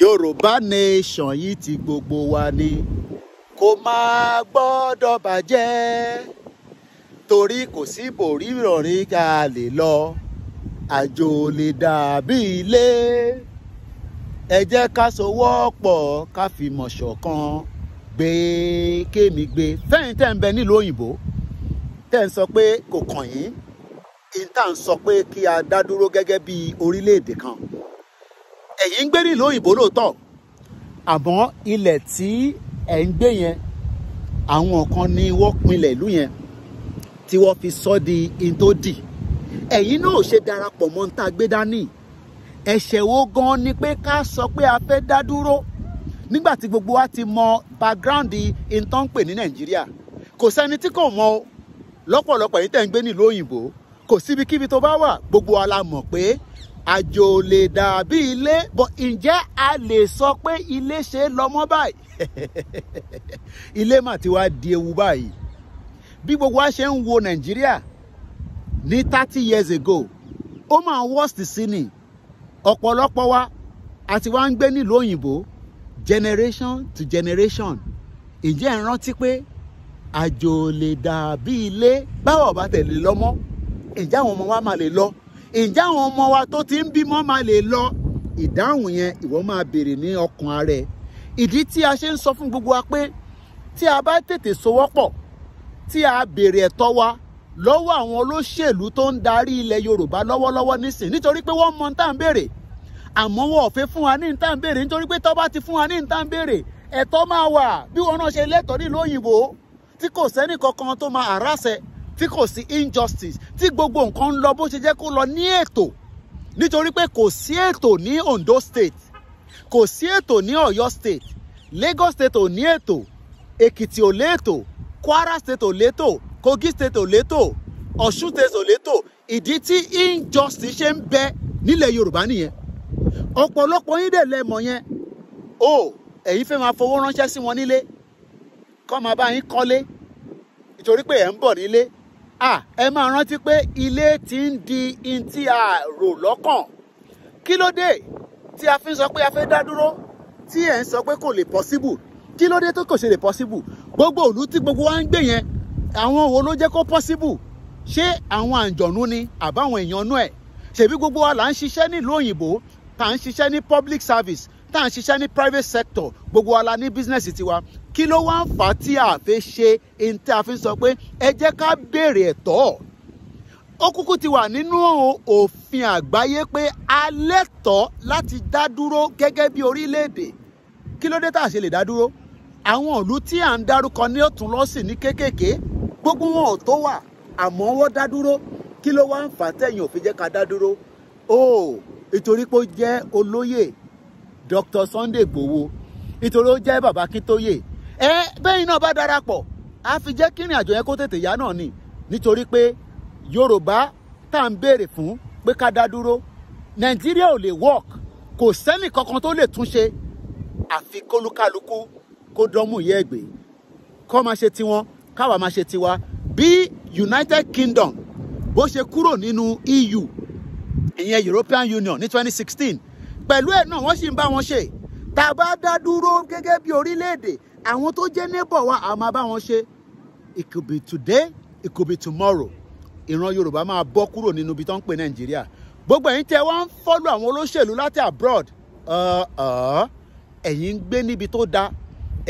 yorùbá nation yìí ti gbogbo wa ni kò máa gbọ́dọ̀ bàjẹ́ torí kò sí bòrí ìrọ̀rí ká lè lọ àjò lè dàbí ilé ẹ jẹ́ ká sowọ́ pọ̀ ká fi mọ̀ ṣọ̀kan gbé kémi gbé fẹ́yìn tẹ́ ń bẹ nílùú òyìnbó tẹ́ ń sọ pé kò kàn yín ìta ń sọ pé kí a dá dúró gẹ́gẹ́ bí orílẹ̀-èdè kan ẹ̀yin ń gbé nílùú òyìnbó lóòótọ́ àmọ́ ilẹ̀ tí ẹ̀ ń gbé yẹn àwọn kan ni wọ́n pinlẹ̀ ìlú yẹn tí wọ́n fi sọ́ di in tó dì ẹ̀yin náà ò ṣe darapọ̀ mọ́ ń tá a gbé dání ẹ̀ṣẹ̀ wo gan ni pé ká sọ pé a fẹ́ dá dúró nígbà tí gbogbo wa ti mọ background in tó ń pè ní nàìjíríà kò sẹ́ni tí kò mọ lọ́pọ̀lọpọ̀ yìí tẹ̀ ń gbé nílùú òyìnbó kò síbikíbi tó bá wà gbogbo wa la mọ̀ pé àjò ò lè dàbí ilé bọ̀ ǹjẹ́ a lè sọ pé ilé ṣe é báyìí ilé mà ti wá di ewu báyìí bí gbogbo wa ṣe ń wo nàìjíríà ní thirty years ago ó máa worst sí ni ọ̀pọ̀lọpọ̀ wa àti wá ń gbé nílùú òyìnbó generation to generation ǹjẹ́ ẹ̀ ń rántí pé àjò ò lè dàbí ilé báwo bá tẹ̀lé lọ́mọ́ ǹjẹ́ àwọn ọmọ wa máa lè lọ ǹjẹ́ àwọn ọmọ wa tó ti ń bímọ máa lè lọ ìdáhùn yẹn ìwọ máa béèrè ní ọkàn rẹ ìdí tí a ṣe ń sọ fún gbogbo wa pé tí a bá tètè sowọ́pọ̀ tí a béèrè ẹ̀tọ́ wa lọ́wọ́ àwọn olóṣèlú tó ń darí ilẹ̀ Yorùbá lọ́wọ́lọ́wọ́ nísìn nítorí pé wọ́n mọ tá à ń béèrè àmọ́ wọn ò fẹ́ fún wa ní tá à ń béèrè nítorí pé tó bá ti fún wa ní tá à ń béèrè ẹ̀tọ́ máa wà bí wọn náà ṣe lẹ́tọ̀ọ́ nílùú òyìnbó tí kò sẹ́nì kankan tó máa àràṣẹ tí kò sí injustice tí gbogbo nǹkan ń lọ bó ṣe jẹ́ kó lọ ní ètò nítorí pé kò sí ètò ní Ondo state kò sí ètò ní Ọ̀yọ́ state Lagos state ò ní ètò Èkìtì ò létò Kwara state ò létò Kogi state ò létò Ọ̀ṣun state ò létò ìdí tí injustice ṣe ń bẹ nílẹ̀ Yorùbá nìyẹn ọ̀pọ̀lọpọ̀ yín dẹ̀ lẹ́mọ̀ yẹn o ẹ̀yin fẹ́ máa fowó ránṣẹ́ sí wọn nílé kọ́ máa bá yín kọ́lé nítorí pé ẹ̀ ń bọ̀ nílé ẹ máa rántí pé ilé ti ń di in tí a rò lọ́kàn kí ló dé tí a fi ń sọ pé a fẹ́ dá dúró tí ẹ̀ ń sọ pé kò lè possible kí ló dé tó kò ṣe lè possible gbogbo òlú tí gbogbo wa ń gbé yẹn àwọn wo ló jẹ́ kó possible ṣé àwọn àǹjọ̀nú ni àbáwọn èèyàn nú ẹ̀ ṣèbí gbogbo wa là ń ṣiṣẹ́ nílùú òyìnbó tá ń ṣiṣẹ́ ní public service tá à ń ṣiṣẹ́ ní private sector gbogbo wa ní business tiwa kí ló wá ń fà á tí a fi ṣe ní tí a fi ń sọ pé ẹ jẹ́ ká béèrè ẹ̀tọ́ ó kúkú ti wà nínú òfin àgbáyé pé a lẹ́tọ̀ọ́ láti dá dúró gẹ́gẹ́ bí orílẹ̀-èdè kí ló dé tá a ṣe lè dá dúró àwọn ìlú tí à ń dárúkọ ní ọ̀tún lọ́sìn ní kéékèèké gbogbo wọn ò tó wà àmọ́ wọ́n dá dúró kí ló wá ń fà á tẹ̀yìn òfin jẹ́ ká dá dúró o ìtorí pé ó jẹ́ olóyè Dr. Sunday Igboho nítorí ó jẹ́ bàbá Akíntóyè ẹ bẹ́yìn náà bá darapọ̀ á fi jẹ́ kí ìrìn àjò yẹn kó tètè yá náà ni nítorí pé Yorùbá tá à ń béèrè fún pé ká dá dúró Nàìjíríà ò lè work kò sẹ́nì kankan tó lè túnṣe àfi kólúkálukú kó dánmú ìyá ẹ̀gbẹ́ kọ́ máa ṣe tiwọn káwa máa ṣe tiwa bí United Kingdom bó ṣe kúrò nínú EU ìyẹn European Union ní 2016 pẹ̀lú ẹ̀ náà wọ́n sì ń bá wọn ṣe tá a bá dá dúró gẹ́gẹ́ bí orílẹ̀-èdè àwọn tó jẹ́ neighbor wa a máa bá wọn ṣe it could be today it could be tomorrow ìran Yorùbá máa bọ́ kúrò nínú ibi tó ń pè Nàìjíríà gbogbo ẹ̀yin tẹ́ wá ń fọ́lù àwọn olóṣèlú láti abroad uh-uh. ẹ̀yin ń gbé níbi tó dáa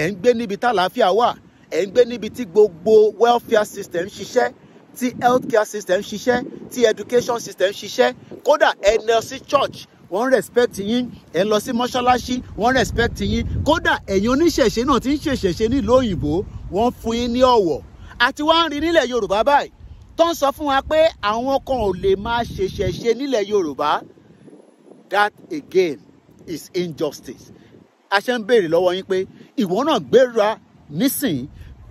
ẹ̀ ń gbé níbi tàlàáfíà wà ẹ̀ ń gbé níbi tí gbogbo welfare system ṣiṣẹ́ tí healthcare system ṣiṣẹ́ tí education system ṣiṣẹ́ kódà ẹ lọ church wọ́n respect yín ẹ̀ ń lọ sí mọ́ṣáláṣí wọ́n respect yín kódà ẹ̀yin oníṣẹ̀ṣe náà ti ń ṣèṣẹ̀ṣe nílùú òyìnbó wọ́n fún yín ní ọ̀wọ̀ àti wá ń rí nílẹ̀ yorùbá báyìí tó ń sọ fún wa pé àwọn kan ò lè máa ṣèṣẹ̀ṣe nílẹ̀ yorùbá that again is injustice a ṣe ń béèrè lọ́wọ́ yín pé ìwọ náà gbéra nísìn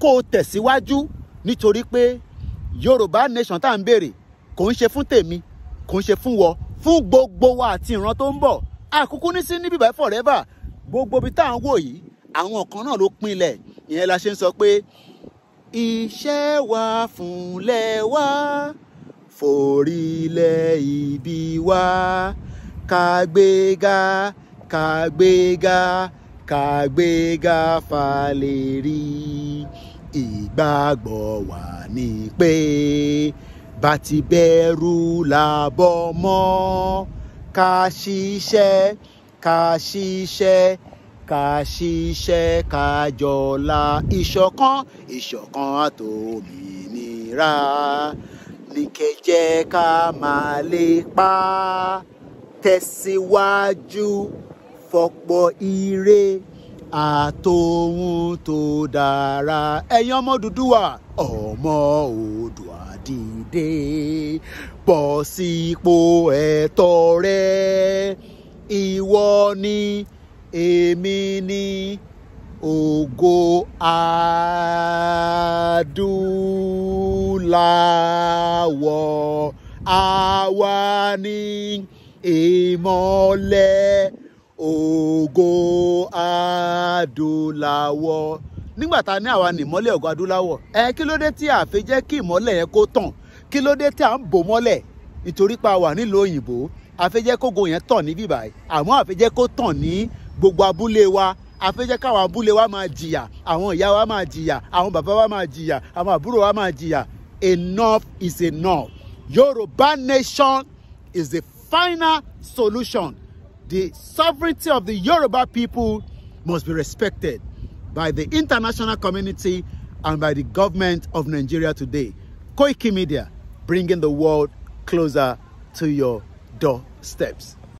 kó o tẹ̀síwájú nítorí pé yorùbá nation tá à ń béèrè kò ń ṣe fún tèmi kò ń ṣe fún wọ fún gbogbo wa àti ìran tó ń bọ̀ àkókò ní sí níbí báyìí forever gbogbo ibi tá à ń wò yìí àwọn kan náà ló pinlẹ̀ ìyẹn la ṣe ń sọ pé iṣẹ́ wa fúnlẹ̀ wa forílẹ̀ ibi wa kàgbéga kàgbéga kàgbéga falẹ̀ rí ìgbàgbọ́ wa ni pé bá ti bẹ̀rù làbọ̀ mọ́ ká ṣiṣẹ́ ká ṣiṣẹ́ ká ṣiṣẹ́ ká jọlá ìṣọ̀kan ìṣọ̀kan àtòmìnira ní kẹjẹ ká máa lépa tẹ̀síwájú fọ̀pọ̀ ire àtòhun tó dára ẹ̀yin ọmọ Odùduwà ọmọ òun dé bọ̀ sípò ẹ̀tọ́ rẹ ìwọ ni èmi ni ògo adúláwọ̀ àwa ni ìmọ́lẹ̀ ògo adúláwọ̀ nígbà tá a ní àwa ni ìmọ́lẹ̀ ògo adúláwọ̀ ẹ kí ló dé tí a jẹ́ kí ìmọ́lẹ̀ yẹn kó tàn kí ló dé tí à ń bò mọ́lẹ̀ ìtorí pa wà nílùú òyìnbó àfẹ́jẹ́ kógo yẹn tàn ní bíbáyìí àmọ́ àfẹ́jẹ́ kó tàn ní gbogbo abúlé wa àfẹ́jẹ́ káwọn abúlé wa máa jìyà àwọn ìyá wa máa jìyà àwọn bàbá wa máa jìyà àwọn àbúrò wa máa jìyà enough is enough Yorùbá nation is the final solution the sovereignty of the Yoruba people must be respected by the international community and by the government of Nigeria today. Koiki Media bringing the world closer to your doorsteps.